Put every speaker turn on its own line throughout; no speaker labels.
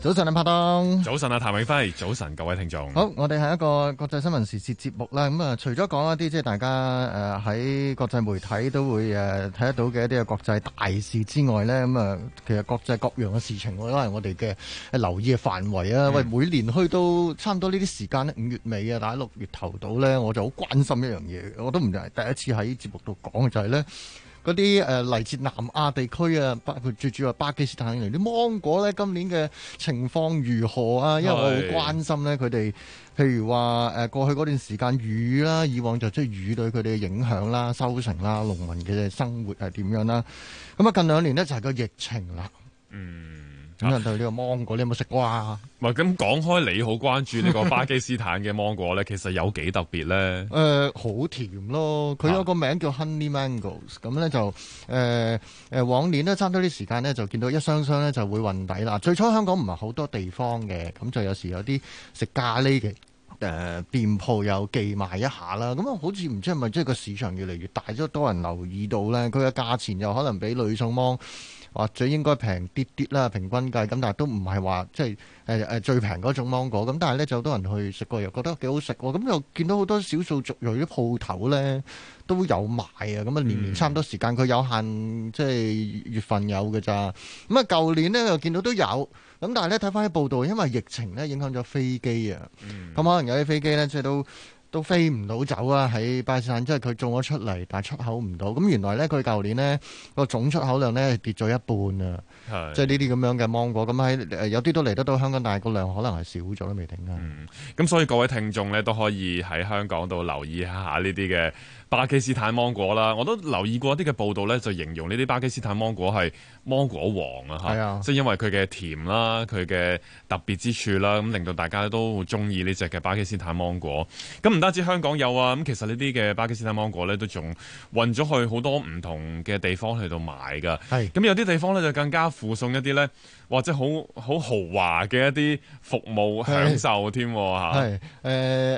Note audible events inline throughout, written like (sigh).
早晨，拍檔。早晨啊，譚永輝。早晨，各位聽眾。
好，我哋係一個國際新聞時事節目啦。咁、嗯、啊，除咗講一啲即係大家誒喺、呃、國際媒體都會誒睇、呃、得到嘅一啲嘅國際大事之外咧，咁、嗯、啊，其實國際各樣嘅事情都係我哋嘅、呃、留意嘅範圍啊。喂、嗯，每年去到差唔多呢啲時間咧，五月尾啊，或者六月頭到咧，我就好關心一樣嘢，我都唔係第一次喺節目度講嘅，就係、是、咧。嗰啲誒嚟自南亞地區啊，包括最主要係巴基斯坦嚟啲芒果咧，今年嘅情況如何啊？因為我好關心咧，佢哋譬如話誒過去嗰段時間雨啦，以往就即係雨對佢哋嘅影響啦、收成啦、農民嘅生活係點樣啦？咁啊近兩年咧就係個疫情啦。嗯。人度呢個芒果，你有冇食過啊？
係咁講開，你好關注呢個巴基斯坦嘅芒果咧， (laughs) 其實有幾特別咧？
誒、呃，好甜咯！佢有個名叫 Honey Mangos，咁、啊、咧就誒誒、呃，往年呢，差唔多啲時間咧就見到一箱箱咧就會運抵啦。最初香港唔係好多地方嘅，咁就有時有啲食咖喱嘅誒店鋪又寄賣一下啦。咁啊，好似唔知係咪即係個市場越嚟越大，咗多人留意到咧，佢嘅價錢又可能比呂宋芒。或者應該平啲啲啦，平均計咁，但係都唔係話即係、呃、最平嗰種芒果。咁但係咧，就好多人去食過又覺得幾好食喎。咁又見到好多少數族裔啲鋪頭咧都有賣啊。咁啊，年年差唔多時間，佢有限即係月份有嘅咋。咁啊，舊年咧又見到都有。咁但係咧，睇翻啲報道，因為疫情咧影響咗飛機啊。咁可能有啲飛機咧，即係都。都飛唔到走啊！喺巴基斯坦，即係佢種咗出嚟，但係出口唔到。咁原來咧，佢舊年咧個總出口量咧跌咗一半啊！係，即係呢啲咁樣嘅芒果，咁喺誒有啲都嚟得到香港，但係個量可能係少咗都未定嘅。
咁、嗯、所以各位聽眾咧都可以喺香港度留意一下呢啲嘅。巴基斯坦芒果啦，我都留意過一啲嘅報道咧，就形容呢啲巴基斯坦芒果係芒果王啊，係啊，即係因為佢嘅甜啦，佢嘅特別之處啦，咁令到大家都好中意呢隻嘅巴基斯坦芒果。咁唔單止香港有啊，咁其實呢啲嘅巴基斯坦芒果咧、啊、都仲運咗去好多唔同嘅地方去到買㗎。咁有啲地方咧就更加附送一啲咧，或者好好豪華嘅一啲服務享受添嚇。係誒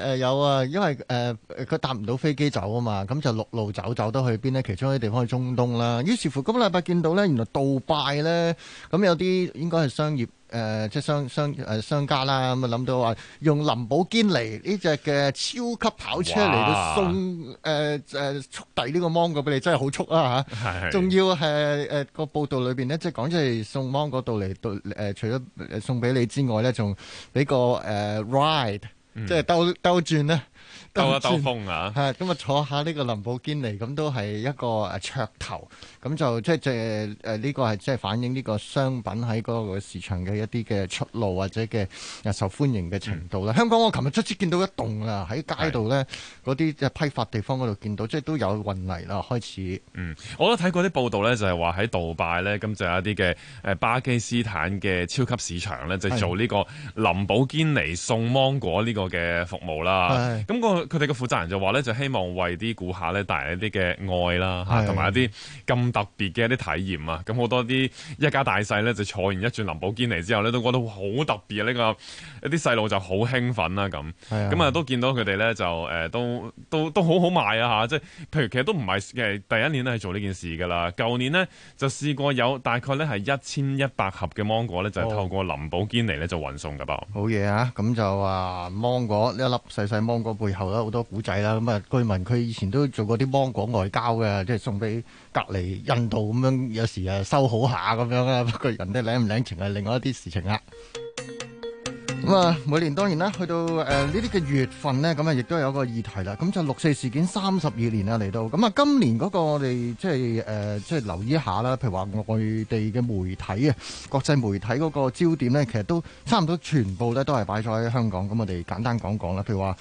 誒有啊，因為誒佢搭唔到飛機走啊嘛。咁就陸路走走得去邊咧？其中一啲地方去中東啦。於是乎，今個禮拜見到咧，原來杜拜咧咁有啲應該係商業誒、呃，即係商商誒商家啦。咁啊諗到話用林寶堅尼呢隻嘅超級跑車嚟到送誒誒、呃、速遞呢個芒果俾你，真係好速啊吓！係仲要係誒個報道裏邊咧，即係講即係送芒果度嚟到誒，除咗送俾你之外咧，仲俾個誒、呃、ride、嗯、即係兜、兜兜轉咧。等等兜一兜風啊！係咁啊，坐下呢個林寶堅尼，咁都係一個誒噱頭，咁就即係即係誒呢個係即係反映呢個商品喺嗰個市場嘅一啲嘅出路或者嘅誒受歡迎嘅程度啦、嗯。香港，我琴日即係見到一棟啊，喺街度咧嗰啲即批發地方嗰度見到，即係都有運嚟啦，開始。
嗯，我都睇過啲報道咧，就係話喺杜拜咧，咁就有一啲嘅誒巴基斯坦嘅超級市場咧，就做呢個林寶堅尼送芒果呢個嘅服務啦。咁個佢哋嘅負責人就話咧，就希望為啲顧客咧帶嚟一啲嘅愛啦同埋一啲咁特別嘅一啲體驗啊！咁好多啲一,一家大細咧，就坐完一轉林寶堅尼之後咧，都覺得好特別、呢個、啊！呢個一啲細路就好興奮啦咁。咁啊都見到佢哋咧就、呃、都都都，都好好賣啊吓，即係譬如其實都唔係誒第一年咧係做呢件事㗎啦。舊年呢，就試過有大概咧係一千一百盒嘅芒果咧，就係透過林寶堅尼咧就運送㗎。噃、哦。
好嘢啊！咁就啊芒果一粒細細芒果。背後咧好多古仔啦，咁啊，據聞佢以前都做過啲芒果外交嘅，即係送俾隔離印度咁樣，有時啊收好一下咁樣啦。不過人哋領唔領情係另外一啲事情啦。咁啊， (music) 每年當然啦，去到誒呢啲嘅月份呢，咁啊亦都有個議題啦。咁就六四事件三十二年啊嚟到，咁啊今年嗰個我哋即係誒、呃、即係留意一下啦。譬如話外地嘅媒體啊，國際媒體嗰個焦點呢，其實都差唔多全部咧都係擺咗喺香港。咁我哋簡單講講啦，譬如話。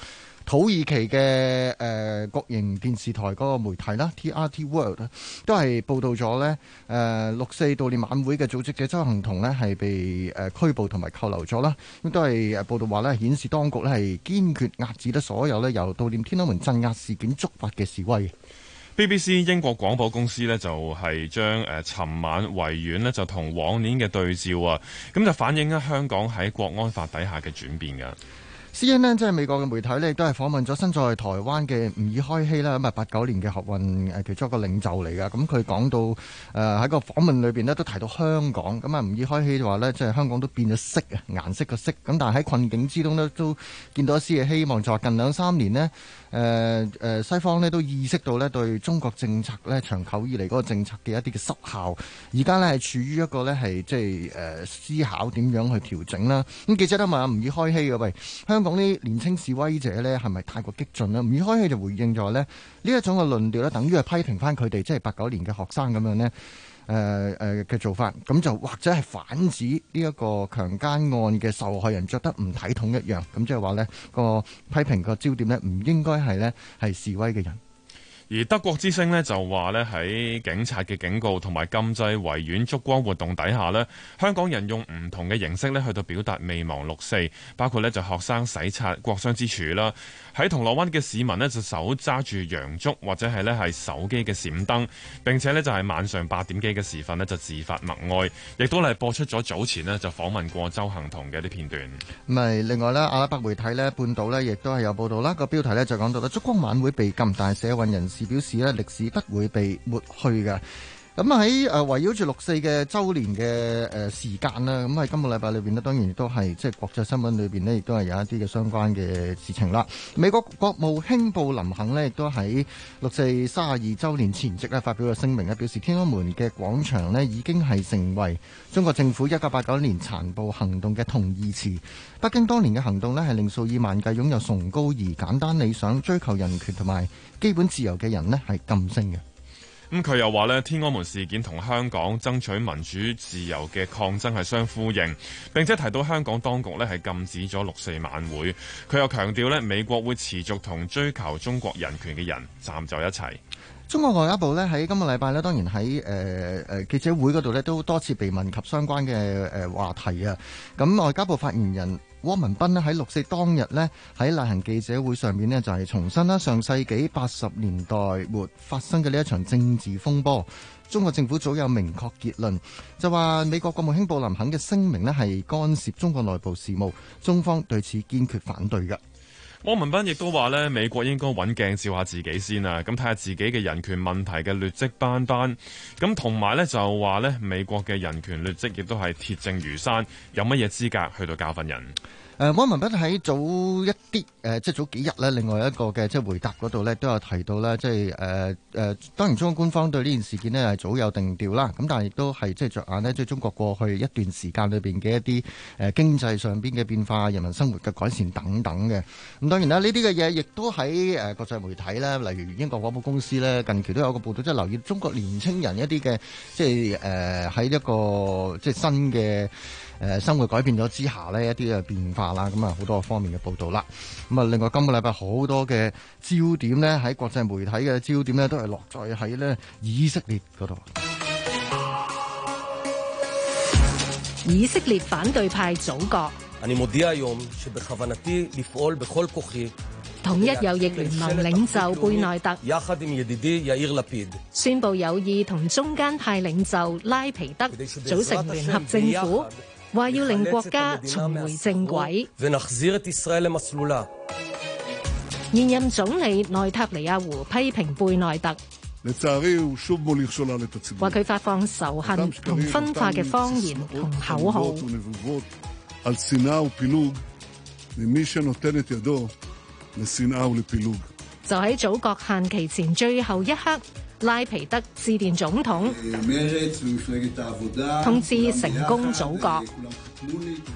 土耳其嘅誒、呃、國營電視台嗰個媒體啦，T R T World 都係報道咗呢誒六四悼念晚會嘅組織嘅鄒幸彤呢係被誒拘捕同埋扣留咗啦。咁都係報道話呢，顯示當局呢係堅決壓止得所有咧由悼念天安門鎮壓事件觸發嘅示威。
BBC 英國廣播公司呢就係將誒尋晚維園呢就同往年嘅對照啊，咁就反映咗香港喺國安法底下嘅轉變㗎。
CNN 呢，即係美國嘅媒體呢亦都係訪問咗身在台灣嘅吾爾開希啦，咁啊八九年嘅學運其中一個領袖嚟噶。咁佢講到誒喺、呃、個訪問裏面呢，都提到香港。咁啊吾爾開希就話呢，即係香港都變咗色啊，顏色個色。咁但係喺困境之中呢，都見到一絲嘅希望。在、就話、近兩三年呢。誒、呃、誒、呃，西方咧都意識到咧對中國政策咧長久以嚟嗰個政策嘅一啲嘅失效，而家咧係處於一個咧係即係誒思考點樣去調整啦。咁、嗯、記者都問阿吾爾開希：「嘅喂，香港啲年輕示威者咧係咪太過激進咧？吾爾開希就回應咗：「咧呢一種嘅論調咧，等於係批評返佢哋即係八九年嘅學生咁樣呢。」誒誒嘅做法，咁就或者係反指呢一個強奸案嘅受害人着得唔體統一樣，咁即係話咧個批評個焦點咧唔應該係咧係示威嘅人。
而德國之聲咧就話咧喺警察嘅警告同埋禁制維園燭光活動底下咧，香港人用唔同嘅形式咧去到表達未忘六四，包括咧就學生洗刷國殤之柱啦，喺銅鑼灣嘅市民咧就手揸住洋燭或者係咧係手機嘅閃燈，並且咧就係晚上八點幾嘅時分咧就自發默哀，亦都係播出咗早前咧就訪問過鄒幸彤嘅啲片段。
咪另外咧阿拉伯媒體咧，半島咧亦都係有報道啦，個標題咧就講到咧燭光晚會被禁，但係社運人士。表示咧，歷史不會被抹去嘅。咁喺誒圍繞住六四嘅周年嘅誒時間啦，咁、嗯、喺今個禮拜裏面，呢當然亦都係即係國際新聞裏面，呢亦都係有一啲嘅相關嘅事情啦。美國國務卿布林肯呢，亦都喺六四三十二週年前夕呢發表咗聲明呢，表示天安門嘅廣場呢已經係成為中國政府一九八九年殘暴行動嘅同義詞。北京當年嘅行動呢，係令數以萬計擁有崇高而簡單理想、追求人權同埋基本自由嘅人呢，係禁聲嘅。
咁、嗯、佢又話咧，天安門事件同香港爭取民主自由嘅抗爭係相呼應。並且提到香港當局咧係禁止咗六四晚會。佢又強調咧，美國會持續同追求中國人權嘅人站在一齊。
中國外交部咧喺今個禮拜咧，當然喺誒誒記者會嗰度咧，都多次被問及相關嘅誒、呃、話題啊。咁外交部發言人，汪文斌咧喺六四當日咧喺例行記者會上面咧就係重申啦，上世紀八十年代末發生嘅呢一場政治風波，中國政府早有明確結論，就話美國國務卿布林肯嘅聲明咧係干涉中國內部事務，中方對此堅決反對嘅。
汪文斌亦都話咧，美國應該揾鏡照下自己先啊，咁睇下自己嘅人權問題嘅劣跡斑斑，咁同埋咧就話咧，美國嘅人權劣跡亦都係鐵證如山，有乜嘢資格去到教訓人？
誒、呃、汪文斌喺早一啲誒、呃，即係早幾日咧，另外一個嘅即係回答嗰度咧，都有提到啦。即係誒誒，當然中國官方對呢件事件呢係早有定調啦。咁但係亦都係即係着眼呢即係中國過去一段時間裏邊嘅一啲誒、呃、經濟上邊嘅變化、人民生活嘅改善等等嘅。咁當然啦，呢啲嘅嘢亦都喺誒國際媒體咧，例如英國《廣播公司》咧，近期都有個報導，即係留意中國年青人一啲嘅即係誒喺一個即係新嘅。誒生活改變咗之下呢一啲嘅變化啦，咁啊好多方面嘅報導啦。咁啊，另外今個禮拜好多嘅焦點呢，喺國際媒體嘅焦點呢，都係落在喺呢以色列嗰度。
以色列反對派祖國統一右翼聯盟領袖貝內特宣佈有意同中間派領袖拉皮德組成聯合政府。話要令國家重回正軌。現任總理內塔尼亞胡批評貝內特，
話
佢發放仇恨同分化
嘅謠言同口號。
就喺組閣限期前最後一刻，拉皮德致電總統，
通知成功組閣。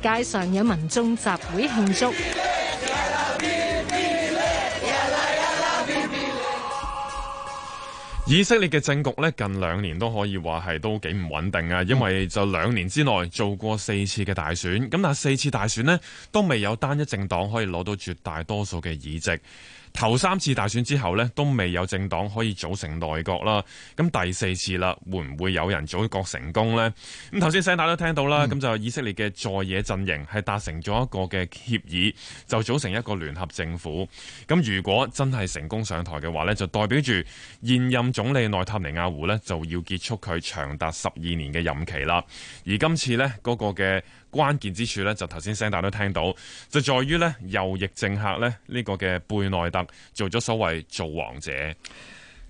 街上有民眾集會慶祝。
以色列嘅政局呢，近兩年都可以話係都幾唔穩定啊，因為就兩年之內做過四次嘅大選，咁但係四次大選呢都未有單一政黨可以攞到絕大多數嘅議席。頭三次大選之後呢都未有政黨可以組成內閣啦。咁第四次啦，會唔會有人組閣成功呢？咁頭先聲帶都聽到啦，咁、嗯、就以色列嘅在野陣營係達成咗一個嘅協議，就組成一個聯合政府。咁如果真係成功上台嘅話呢就代表住現任總理內塔尼亞胡呢就要結束佢長達十二年嘅任期啦。而今次呢，嗰個嘅。關鍵之處呢，就頭先聲帶都聽到，就在於咧右翼政客咧呢、這個嘅貝內特做咗所謂造王者。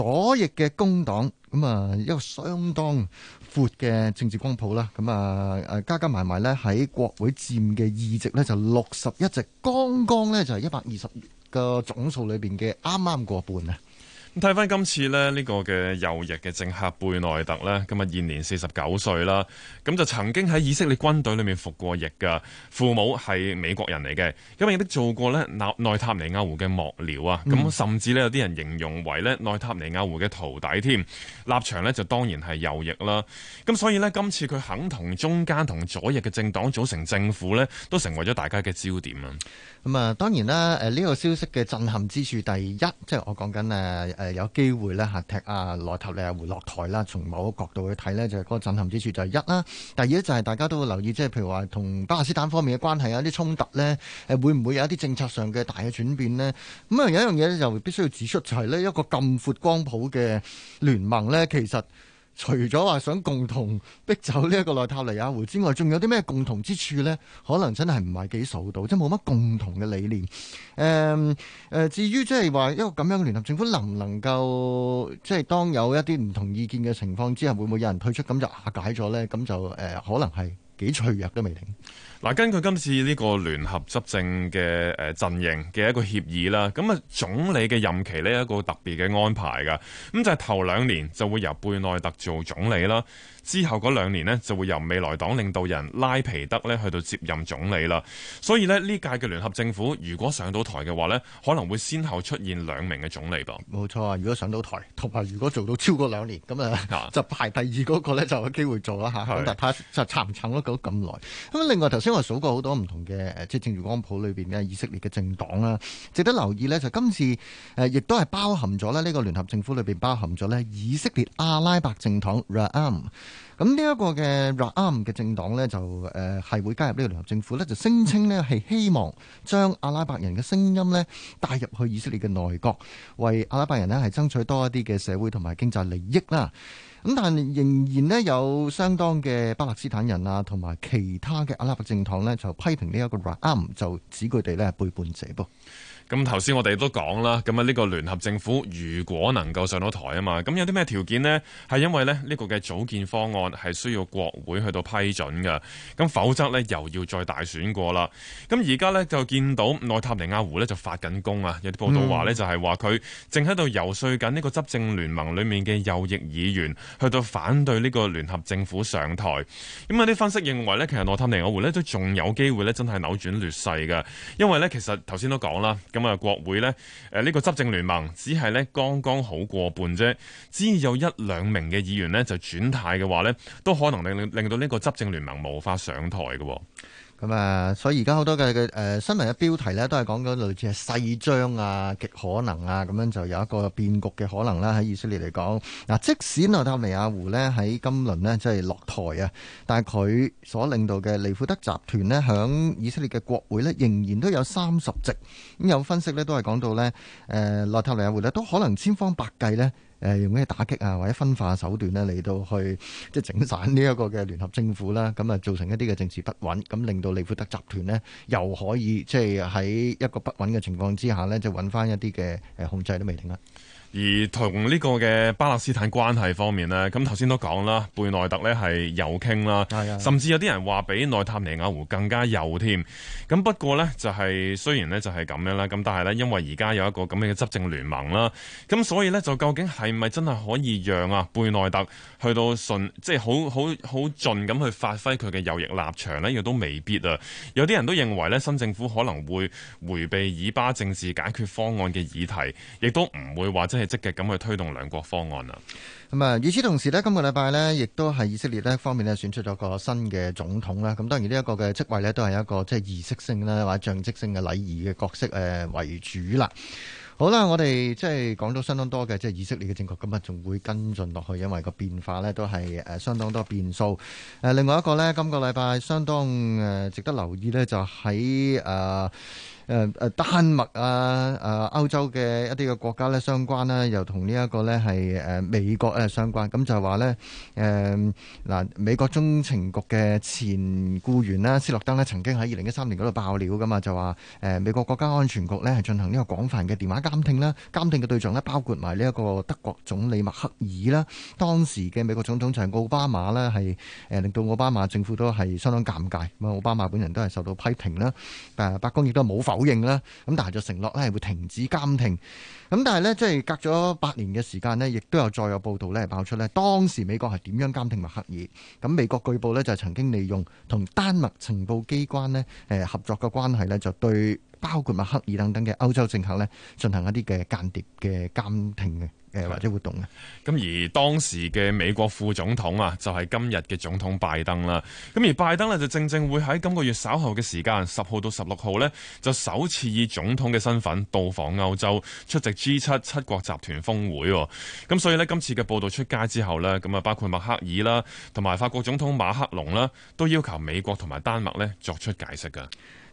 左翼嘅工黨，咁啊，一個相當闊嘅政治光譜啦。咁啊，誒，加加埋埋咧喺國會佔嘅議席咧就六十一席，剛剛咧就係一百二十個總數裏邊嘅啱啱過半啊。
睇翻今次呢呢個嘅右翼嘅政客貝內特呢，今日現年四十九歲啦。咁就曾經喺以色列軍隊裏面服過役噶，父母係美國人嚟嘅。因為亦都做過呢納內塔尼亞胡嘅幕僚啊，咁甚至呢，有啲人形容為呢內塔尼亞胡嘅徒弟添。立場呢，就當然係右翼啦。咁所以呢，今次佢肯同中間同左翼嘅政黨組成政府呢，都成為咗大家嘅焦點啊。咁啊，當然啦，誒、這、
呢個消息嘅震撼之處，第一，即係我講緊誒誒有機會咧嚇踢內塔尼亞胡落台啦。從某個角度去睇呢，就係嗰個震撼之處就係一啦。第二咧就係大家都會留意，即係譬如話同巴勒斯坦方面嘅關係有啲衝突呢，誒會唔會有一啲政策上嘅大嘅轉變呢？咁啊有一樣嘢咧就必須要指出，就係、是、呢一個咁闊光譜嘅聯盟呢，其實。除咗話想共同逼走呢一個內塔尼亞胡之外，仲有啲咩共同之處咧？可能真係唔係幾數到，即係冇乜共同嘅理念。誒、嗯、誒，至於即係話一個咁樣嘅聯合政府能唔能夠，即係當有一啲唔同意見嘅情況之下，會唔會有人退出，咁就瓦解咗咧？咁就誒、呃，可能係幾脆弱都未定。
嗱，根據今次呢個聯合執政嘅誒陣營嘅一個協議啦，咁啊總理嘅任期呢一個特別嘅安排㗎，咁就係頭兩年就會由貝內特做總理啦，之後嗰兩年呢就會由未來黨領導人拉皮德呢去到接任總理啦，所以呢，呢屆嘅聯合政府如果上到台嘅話呢，可能會先後出現兩名嘅總理噃。
冇錯啊，如果上到台，同埋如果做到超過兩年，咁啊就排第二嗰個咧就有機會做啦嚇，咁、啊、但係就撐唔撐得咁耐，咁另外頭因為數過好多唔同嘅誒，即係正如光譜裏邊嘅以色列嘅政黨啦，值得留意咧就今次誒、呃，亦都係包含咗咧呢個聯合政府裏邊包含咗咧以色列阿拉伯政黨 Ram。咁呢一個嘅 Raham 嘅政黨呢，就誒係會加入呢個聯合政府咧，就聲稱呢係希望將阿拉伯人嘅聲音呢帶入去以色列嘅內閣，為阿拉伯人呢係爭取多一啲嘅社會同埋經濟利益啦。咁但係仍然呢有相當嘅巴勒斯坦人啊，同埋其他嘅阿拉伯政黨呢，就批評呢一個 Raham，就指佢哋呢係背叛者噃。
咁頭先我哋都講啦，咁啊呢個聯合政府如果能夠上到台啊嘛，咁有啲咩條件呢？係因為呢呢個嘅組建方案係需要國會去到批准㗎。咁否則呢，又要再大選過啦。咁而家呢，就見到內塔尼亞胡呢就發緊功啊，有啲報道話呢，就係話佢正喺度游說緊呢個執政聯盟裏面嘅右翼議員去到反對呢個聯合政府上台。咁有啲分析認為呢，其實內塔尼亞胡呢都仲有機會呢，真係扭轉劣勢嘅，因為呢，其實頭先都講啦。咁啊，國會呢，誒、這、呢個執政聯盟只係呢，剛剛好過半啫，只要有一兩名嘅議員呢，就轉態嘅話呢，都可能令令到呢個執政聯盟無法上台嘅、哦。
咁、嗯、啊，所以而家好多嘅嘅、呃、新聞嘅標題咧，都係講咗類似係勢將啊、極可能啊，咁樣就有一個變局嘅可能啦。喺以色列嚟講，嗱，即使內塔尼亞胡呢喺今輪呢，即係、就是、落台啊，但係佢所領導嘅利庫德集團呢，響以色列嘅國會呢，仍然都有三十席。咁有分析呢，都係講到呢，誒、呃、內塔尼亞胡呢，都可能千方百計呢。誒，用咩打擊啊，或者分化手段呢，嚟到去即係整散呢一個嘅聯合政府啦，咁啊造成一啲嘅政治不穩，咁令到利庫德集團呢，又可以即係喺一個不穩嘅情況之下呢，就係揾翻一啲嘅誒控制都未定啦。
而同呢個嘅巴勒斯坦關係方面咧，咁頭先都講啦，貝內特咧係右傾啦，甚至有啲人話比內塔尼亞胡更加右添。咁不過咧，就係雖然咧就係咁樣啦，咁但係咧，因為而家有一個咁樣嘅執政聯盟啦，咁所以咧就究竟係咪真係可以讓啊貝內特去到順即係好好好盡咁去發揮佢嘅右翼立場咧，亦都未必啊。有啲人都認為咧，新政府可能會回避以巴政治解決方案嘅議題，亦都唔會話即。係積極咁去推動兩國方案啦。
咁啊，與此同時呢，今個禮拜呢，亦都係以色列呢方面呢選出咗個新嘅總統啦。咁當然呢一個嘅職位呢，都係一個即係儀式性啦，或者象徵性嘅禮儀嘅角色誒為主啦。好啦，我哋即係講咗相當多嘅即係以色列嘅政局，今日仲會跟進落去，因為個變化呢都係誒相當多變數。誒，另外一個呢，今個禮拜相當誒值得留意呢，就喺、是、誒。呃誒、呃、誒丹麥啊，誒、呃、歐洲嘅一啲嘅國家咧相關咧，又同呢一個咧係誒美國咧相關，咁就係話呢，誒嗱、呃、美國中情局嘅前僱員咧斯諾登咧曾經喺二零一三年嗰度爆料噶嘛，就話誒、呃、美國國家安全局咧係進行呢個廣泛嘅電話監聽啦，監聽嘅對象咧包括埋呢一個德國總理默克爾啦，當時嘅美國總統就係奧巴馬呢，係誒、呃、令到奧巴馬政府都係相當尷尬，咁啊奧巴馬本人都係受到批評啦，但白宮亦都冇法。否認啦，咁但係就承諾咧係會停止監聽。咁但係咧，即係隔咗八年嘅時間咧，亦都有再有報道咧爆出咧，當時美國係點樣監聽默克爾，咁美國據報咧就曾經利用同丹麥情報機關咧誒合作嘅關係咧，就對包括默克爾等等嘅歐洲政客咧進行一啲嘅間諜嘅監聽嘅誒或者活動嘅。
咁而當時嘅美國副總統啊，就係今日嘅總統拜登啦。咁而拜登咧就正正會喺今個月稍後嘅時間，十號到十六號咧就首次以總統嘅身份到訪歐洲，出席 G7 七國集團峰會喎，咁所以呢，今次嘅報道出街之後呢，咁啊包括默克爾啦，同埋法國總統馬克龍啦，都要求美國同埋丹麥呢作出解釋嘅。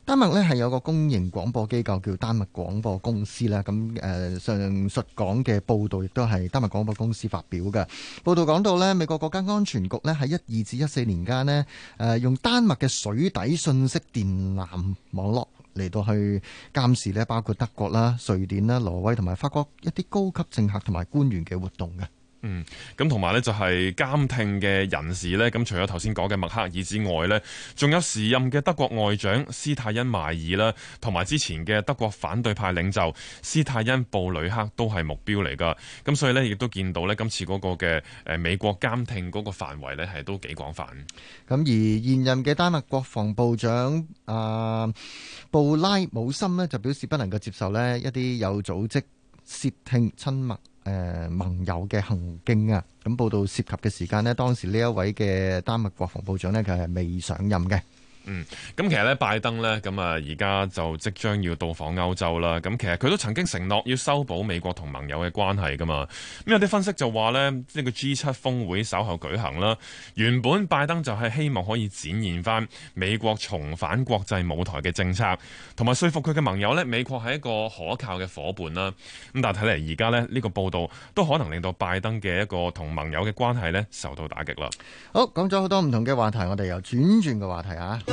丹麥呢係有個公營廣播機構叫丹麥廣播公司啦，咁誒上述講嘅報道亦都係丹麥廣播公司發表嘅。報道講到呢，美國國家安全局呢喺一二至一四年間呢，誒、呃、用丹麥嘅水底信息電纜網絡。嚟到去監視咧，包括德國啦、瑞典啦、挪威同埋法國一啲高級政客同埋官員嘅活動嘅。
嗯，咁同埋呢，就係監聽嘅人士呢。咁除咗頭先講嘅默克爾之外呢，仲有時任嘅德國外長施泰因邁爾啦，同埋之前嘅德國反對派領袖施泰因布呂克都係目標嚟㗎。咁所以呢，亦都見到呢，今次嗰個嘅誒美國監聽嗰個範圍呢係都幾廣泛。
咁而現任嘅丹麥國防部長啊、呃、布拉姆森呢，就表示不能夠接受呢一啲有組織竊聽親密。誒、呃，盟友嘅行徑啊，咁報道涉及嘅時間呢，當時呢一位嘅丹麥國防部長呢，佢係未上任嘅。
嗯，咁其實咧，拜登呢，咁啊，而家就即將要到訪歐洲啦。咁其實佢都曾經承諾要修補美國同盟友嘅關係噶嘛。咁有啲分析就話呢，呢個 G7 峰會稍後舉行啦。原本拜登就係希望可以展現翻美國重返國際舞台嘅政策，同埋說服佢嘅盟友呢，美國係一個可靠嘅夥伴啦。咁但係睇嚟而家呢，呢個報道都可能令到拜登嘅一個同盟友嘅關係呢受到打擊啦。好，
講咗好多唔同嘅話題，我哋又轉轉個話題啊。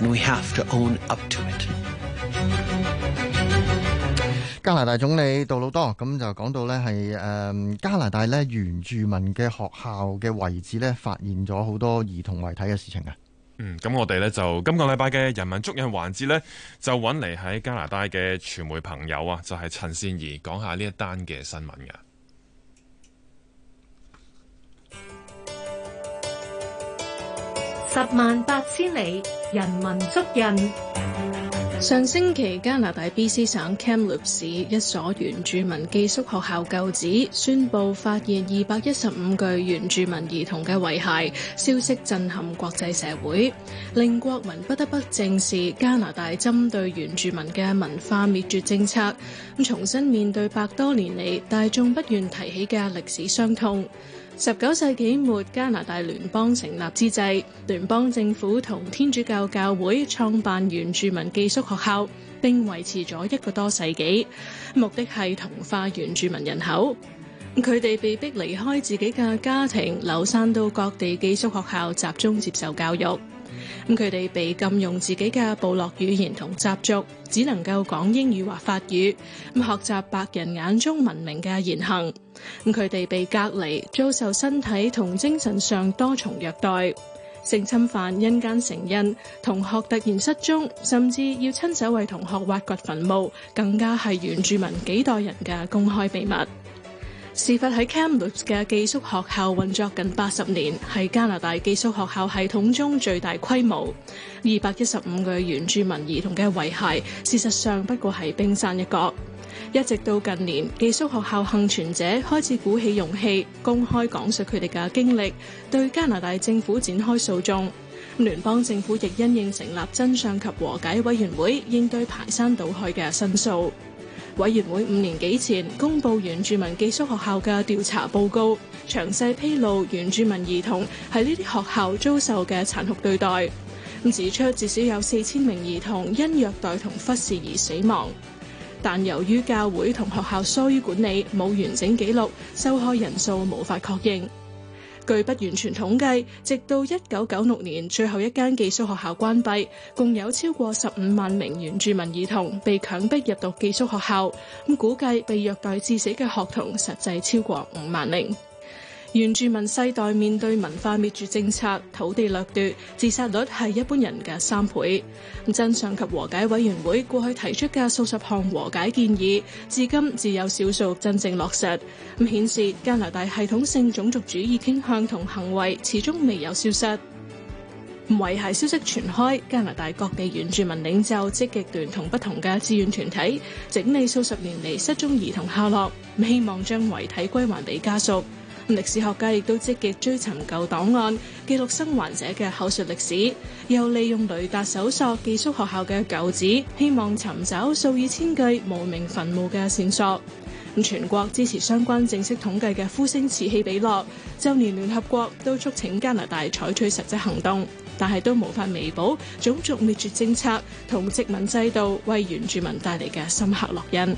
We have to own up to
it 加拿大總理杜魯多，咁就講到呢，係誒加拿大呢原住民嘅學校嘅位置呢，發現咗好多兒童遺體嘅事情啊。嗯，
咁我哋呢就今個禮拜嘅人文足印環節呢，就揾嚟喺加拿大嘅傳媒朋友啊，就係、是、陳善宜講下呢一單嘅新聞噶。
十萬八千里，人文足印。上星期加拿大 BC 省 Kamloops 市一所原住民寄宿學校舊址宣布發現二百一十五具原住民兒童嘅遺骸，消息震撼國際社會，令國民不得不正視加拿大針對原住民嘅文化滅絕政策，咁重新面對百多年嚟大眾不願提起嘅歷史傷痛。十九世紀末，加拿大聯邦成立之際，聯邦政府同天主教教會創辦原住民寄宿學校，並維持咗一個多世紀，目的係同化原住民人口。佢哋被迫離開自己嘅家庭，流散到各地寄宿學校集中接受教育。咁佢哋被禁用自己嘅部落語言同習俗，只能夠講英語或法語，咁學習白人眼中文明嘅言行。咁佢哋被隔離，遭受身體同精神上多重虐待，性侵犯、因姦成孕、同學突然失蹤，甚至要親手為同學挖掘墳墓，更加係原住民幾代人嘅公開秘密。事發喺 Kamloops 嘅寄宿學校運作近八十年，係加拿大寄宿學校系統中最大規模。二百一十五個原住民兒童嘅遺骸，事實上不過係冰山一角。一直到近年，寄宿學校幸存者開始鼓起勇氣，公開講述佢哋嘅經歷，對加拿大政府展開訴訟。聯邦政府亦因應成立真相及和解委員會，應對排山倒海嘅申訴。委員會五年幾前公布原住民寄宿學校嘅調查報告，詳細披露原住民兒童喺呢啲學校遭受嘅殘酷對待，指出至少有四千名兒童因虐待同忽視而死亡，但由於教會同學校疏於管理，冇完整記錄，受害人數無法確認。據不完全統計，直到1996年最後一間寄宿學校關閉，共有超過15萬名原住民兒童被強迫入讀寄宿學校，咁估計被虐待致死嘅學童實際超過5萬名。原住民世代面對文化滅絕政策、土地掠奪、自殺率係一般人嘅三倍。真相及和解委員會過去提出嘅數十項和解建議，至今只有少數真正落實。咁顯示加拿大系統性種族主義傾向同行為始終未有消失。遺骸消息傳開，加拿大各地原住民領袖積極聯同不同嘅志願團體整理數十年嚟失蹤兒童下落，希望將遺體歸還俾家屬。歷史學家亦都積極追尋舊檔案，記錄生還者嘅口述歷史，又利用雷達搜索寄宿學校嘅舊址，希望尋找數以千計無名墳墓嘅線索。咁全國支持相關正式統計嘅呼聲此起彼落，周年聯合國都促請加拿大採取實際行動，但係都無法彌補種族滅絕政策同殖民制度為原住民帶嚟嘅深刻烙印。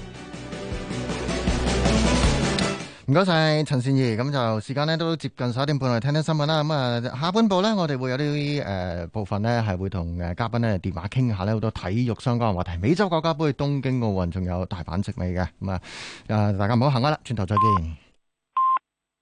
唔該晒陳善宜，咁就時間呢都接近十一點半，嚟聽聽新聞啦。咁啊，下半部呢我哋會有啲誒部分呢係會同誒嘉賓呢電話傾下呢好多體育相關嘅話題。美洲國家杯、東京奧
運仲有大阪直美嘅，咁啊，誒，大家唔好行啦，轉頭再見。